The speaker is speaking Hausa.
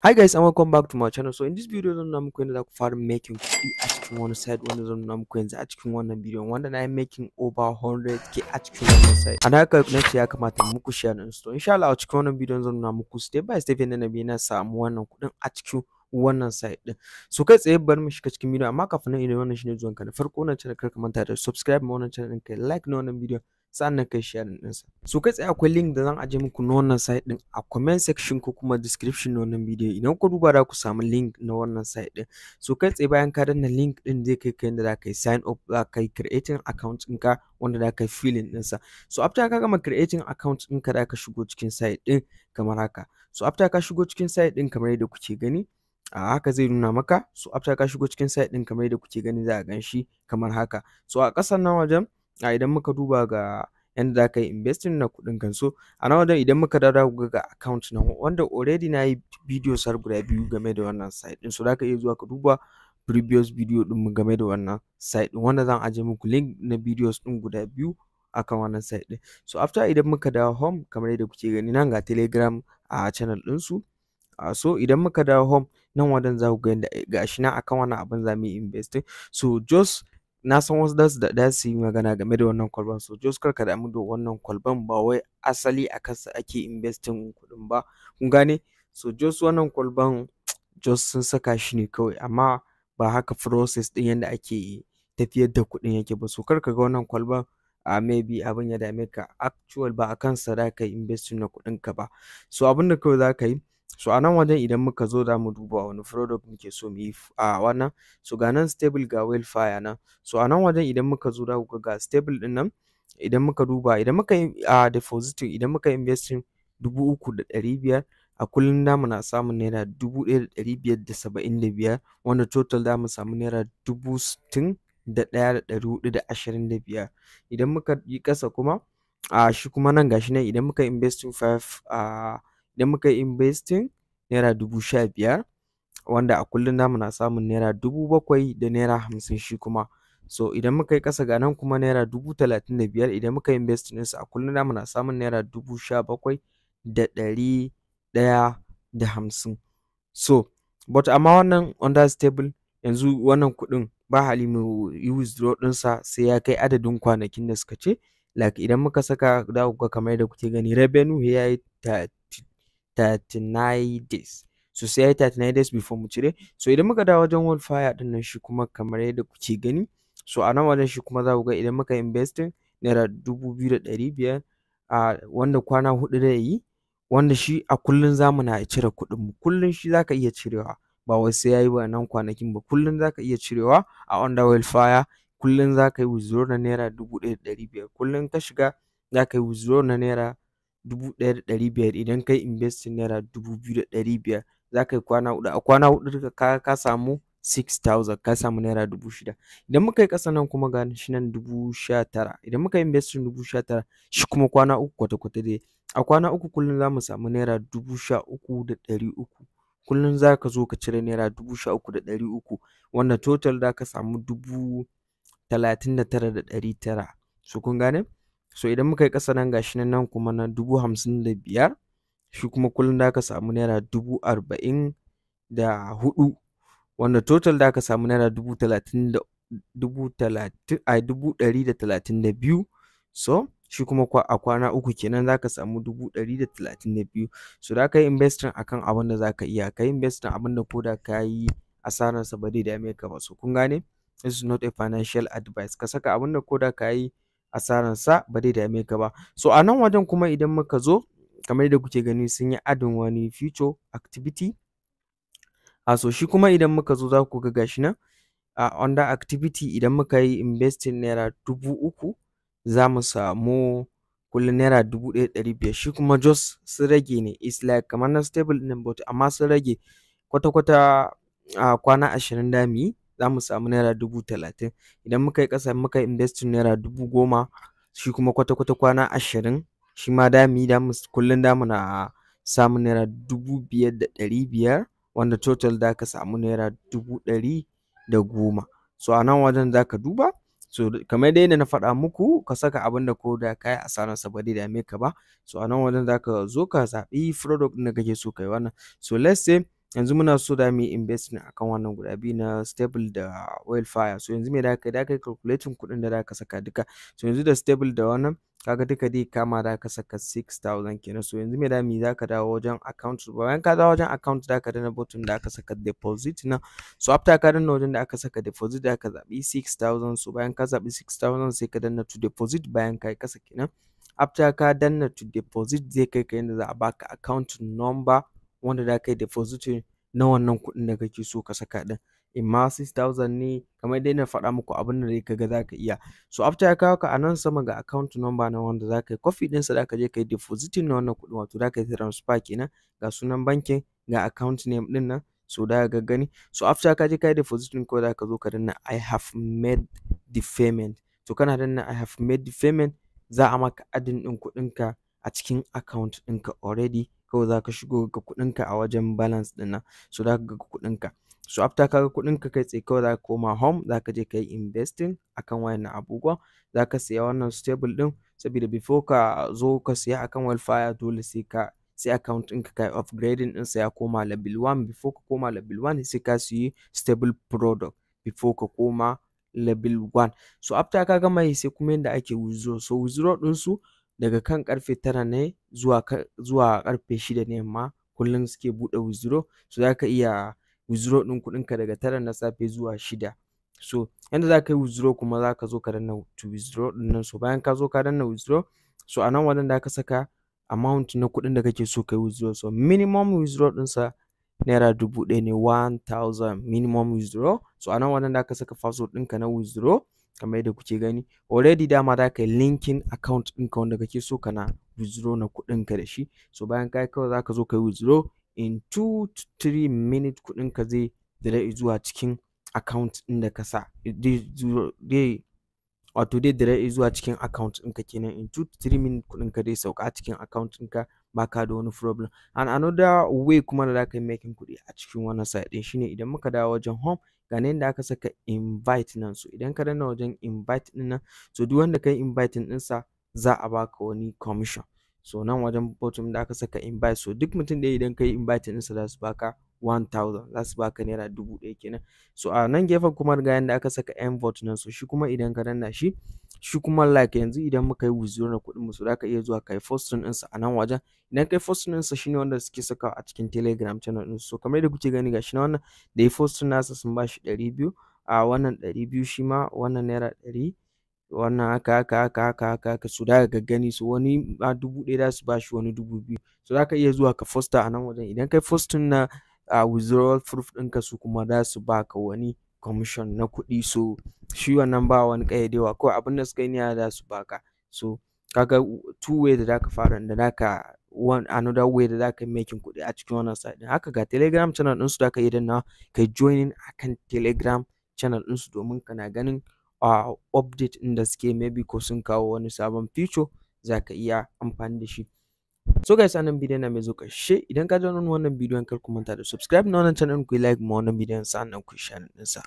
Hi guys and welcome back to my channel. So in this video zan nuna muku yadda za ku fara making kuɗi a cikin wani site wanda zan nuna muku yanzu a cikin wannan bidiyon wanda na yi making over 100k a cikin wannan site. A haka na ce ya kamata muku share na install. Insha Allah a cikin wannan bidiyon zan nuna muku step by step yadda na biyu na samu wannan kuɗin a cikin wannan site din so kai tsaye bari mu shiga cikin bidiyo amma kafin nan idan wannan shine ka da farko wannan channel kar ka manta da subscribe ma wannan channel din kai like na wannan bidiyon sannan kai sharing ɗinsa so kai tsaye akwai link da zan aje muku na wannan site ɗin a comment section ko kuma description na wannan bidiyo idan ku duba za ku samu link na wannan site ɗin so kai tsaye bayan ka danna link ɗin zai kai kai inda za ka yi sign up za ka yi creating account ɗinka wanda za ka yi filling ɗinsa so after ka gama creating account ɗinka za ka shigo cikin site ɗin kamar haka so after ka shigo cikin site ɗin kamar yadda kuke gani a haka zai nuna maka so after ka shigo cikin site ɗin kamar yadda kuke gani za a gan shi kamar haka so a ƙasan nan wajen a idan muka duba ga yanda za ka yi investing na kuɗin kan, so a nan wajen idan muka dawo ga ga account na wanda already na yi videos har guda biyu game da wannan site din so za ka iya zuwa ka duba previous video ɗin mu game da wannan site din wanda zan ajiye muku link na videos ɗin guda biyu akan wannan site din so after idan muka dawo home kamar yadda kuke gani nan ga telegram a channel ɗinsu Uh, so idan muka dawo home nan wajen za ku ga yadda gashi na akan wannan abin za mu yi investing so just na san wasu da su da su yi magana game da wannan kwalban so just kar ka damu da wannan kwalban ba wai asali a kansa ake investing kuɗin ba kun gane so just wannan kwalban just sun saka shi ne kawai amma ba haka process ɗin yadda ake tafiyar da kuɗin yake ba so kar ka ga wannan kwalban a maybe abin ya dame ka actual ba a kansa za ka yi investing na ka ba so abin da kawai za ka yi so a nan wajen idan muka zo za mu duba wani product muke so mu yi a wannan so ga nan stable ga fire nan so a nan wajen idan muka zo za ku ga ga stable ɗin nan idan muka duba idan muka yi a depositing idan muka yi investing dubu uku da ɗari biyar a kullum da na samun naira dubu ɗaya da ɗari biyar da saba'in da biyar wanda total za mu samu naira dubu sittin da ɗaya da ɗari huɗu da ashirin da biyar idan muka yi ƙasa kuma a shi kuma nan gashi nan idan muka investing five a idan muka yi investing naira dubu sha biyar wanda a kullum namu na samun naira dubu bakwai da naira hamsin shi kuma so idan muka yi ƙasa ga nan kuma naira dubu talatin da biyar idan muka yi investing ɗinsu a kullum namu na samun naira dubu sha bakwai da ɗari ɗaya da hamsin so but amma wannan under stable yanzu wannan kuɗin ba hali mu yi withdraw ɗinsa sai ya kai adadin kwanakin da suka ce like idan muka saka za ku ga kamar yadda kuke gani revenue ya yi 39 days so sai ya yi 39 days before mu cire so idan muka dawo wajen fire din nan shi kuma kamar yadda kuke gani so a nan wajen shi kuma za ku ga idan muka investing naira dubu biyu da ɗari biyar a wanda kwana hudu da yi wanda shi a kullum za mu na cire kuɗin mu kullum shi za ka iya cirewa ba wai sai ya yi nan kwanakin ba kullum za ka iya cirewa a under wildfire kullum za ka yi withdraw na naira dubu ɗaya da ɗari biyar kullum ka shiga za ka yi withdraw na naira dubu ɗaya da ɗari biyar idan kai investing naira dubu biyu da ɗari biyar za ka yi kwana huɗu a kwana huɗu ka ka samu six thousand ka samu naira dubu shida idan muka yi ƙasa nan kuma ga shi nan dubu sha tara idan muka yi investing dubu sha tara shi kuma kwana uku kwata-kwata dai a kwana uku kullum za mu samu naira dubu sha uku da ɗari uku kullum za ka zo ka cire naira dubu sha uku da ɗari uku wanda total za ka samu dubu talatin da tara da ɗari tara so kun gane so idan muka yi ƙasa nan gashi nan nan kuma na dubu hamsin da biyar shi kuma kullum da ka samu naira dubu arba'in da hudu wanda total da ka samu naira dubu talatin da dubu talatin a dubu ɗari da talatin da biyu so shi kuma kwa a kwana uku kenan za ka samu dubu ɗari da talatin da biyu so da ka yi investing a abin da za ka iya ka yi investing abin da ko da ka yi asararsa ba zai dame ka ba so kun gane this is not a financial advice ka saka abin da ko da ka yi sa, ba zai dame ka ba so a nan wajen kuma idan muka zo kamar yadda kuke gani sun yi adin wani future activity a ah, so shi kuma idan muka zo za ku ga gashi nan a under activity idan muka yi investing naira dubu uku za mu samu kullum naira dubu ɗaya ɗari biyar shi kuma just sun rage ne is like kamar na stable ɗin but amma sun rage kwata-kwata a kwana ashirin da mu za mu samu naira dubu talatin idan muka yi ƙasa muka yi naira dubu goma shi kuma kwata-kwata kwana ashirin shi ma da mu kullum da na samun naira dubu biyar da ɗari biyar wanda total da ka samu naira dubu ɗari da goma so a nan wajen za ka duba so kamar dai na faɗa muku ka saka abin da ko da ka yi asararsa ba dai dame ka ba so a nan wajen za ka zo ka zaɓi product na da kake so ka wannan so let's say yanzu muna so za mu yi investing akan wannan guda biyu na stable da wildfire so yanzu me da ka da ka yi calculating kuɗin da za ka saka duka so yanzu da stable da wannan kaga duka dai kama da ka saka 6000 kenan so yanzu me da mi za ka dawo wajen account bayan ka dawo wajen account da ka dana button da aka saka deposit na so after ka danna wajen da aka saka deposit da ka zaɓi 6000 so bayan ka zaɓi 6000 sai ka danna to deposit bayan ka yi kasa kenan after ka danna to deposit zai kai ka yanda za a baka account number wanda da ka yi depositin na wannan kuɗin da kake so ka saka ɗin in ma 6000 ne kamar dai na faɗa muku abin da dai kaga za ka iya so after ya kawo ka a nan sama ga account number na wanda za ka yi ɗin ɗinsa da ka je ka yi depositin na wannan kuɗin wato za ka yi transfer kenan ga sunan bankin ga account name ɗin nan so da ga gani so after ka je ka yi depositin ko za ka zo ka danna I have made the payment to kana danna I have made the payment za a maka adin ɗin kuɗinka a cikin account ɗinka already kawai za ka shigo ga kuɗinka a wajen balance ɗin nan so za ka ga kuɗinka so after ka ga kuɗinka kai tsaye kawai za ka koma home za ka je ka yi investing akan wayannan abubuwa za ka siya wannan stable ɗin saboda before ka zo ka siya akan wildfire dole sai ka sai account ɗinka kai upgrading ɗinsa ya koma level 1 before ka koma level 1 sai ka siyi stable product before ka koma level 1 so after ka gama yi sai kuma yanda ake withdraw so withdraw ɗinsu daga kan karfe tara ne zuwa karfe shida ne ma kullum suke bude wuzuro so zaka iya din kudin ka daga tara na safe zuwa shida so yanda za ka yi wuzuro kuma za ka zo ka danna to wuzuro din nan so bayan ka zo ka danna wuzuro so a nan wajen da ka saka amount na kuɗin da kake so ka yi wuzuro so minimum din sa naira dubu ɗaya ne 1000 minimum wuzuro so a nan wajen da ka saka password ɗinka na wuzuro kamar yadda kuke gani already dama za ka yi linking account ɗinka wanda kake so kana withdraw na kuɗinka da shi so bayan ka kawai za ka zo ka yi withdraw in 2 to 3 minutes kuɗinka zai dare zuwa cikin account ɗin da ka sa zai wato dai direct zuwa cikin account ɗinka kenan in two to three minutes kuɗin ka dai sauka cikin account ɗinka baka da wani problem and another way kuma da zaka yi making kuɗi a cikin wannan site ɗin shine idan muka dawo wajen home ga nan da aka saka invite nan so idan ka danna wajen invite ɗin nan so duk wanda ka yi invite ɗinsa za a baka wani commission so nan wajen bottom da aka saka invite so duk mutum da idan ka yi invite ɗinsa za su baka 1000 za su baka naira dubu ɗaya kenan so a nan gefen kuma ga yanda aka saka mvot nan so shi kuma idan ka danna shi shi kuma like yanzu idan muka yi withdrawal na kuɗin mu so zaka iya zuwa kai posting sa a nan wajen idan kai posting sa shine wanda suke sakawa a cikin telegram channel ɗin so kamar yadda kuke gani gashi na wannan da ya posting nasa sun bashi ɗari biyu a wannan ɗari biyu shi ma wannan naira ɗari wannan haka haka haka haka haka haka su daga gaggani gani wani a dubu ɗaya za su bashi wani dubu biyu so zaka iya zuwa ka fosta a nan wajen idan kai posting na a withdrawal proof ɗinka su kuma za su baka wani commission na kuɗi so shi wannan ba wani ƙayyadewa kawai abin da suka yi niyya za su baka so kaga two way da zaka fara da zaka one another way da zaka making kuɗi a cikin wannan site ɗin haka ga telegram channel ɗin su ka yi da na kai joining kan telegram channel ɗin su domin kana ganin a update ɗin da suke maybe ko sun kawo wani sabon feature za ka iya amfani da shi So guys anan bidiyon na mai zo ƙarshe idan ka ji wannan bidiyon kar ku manta da subscribe na wannan channel ku like ma wannan bidiyon nan ku share ɗinsa.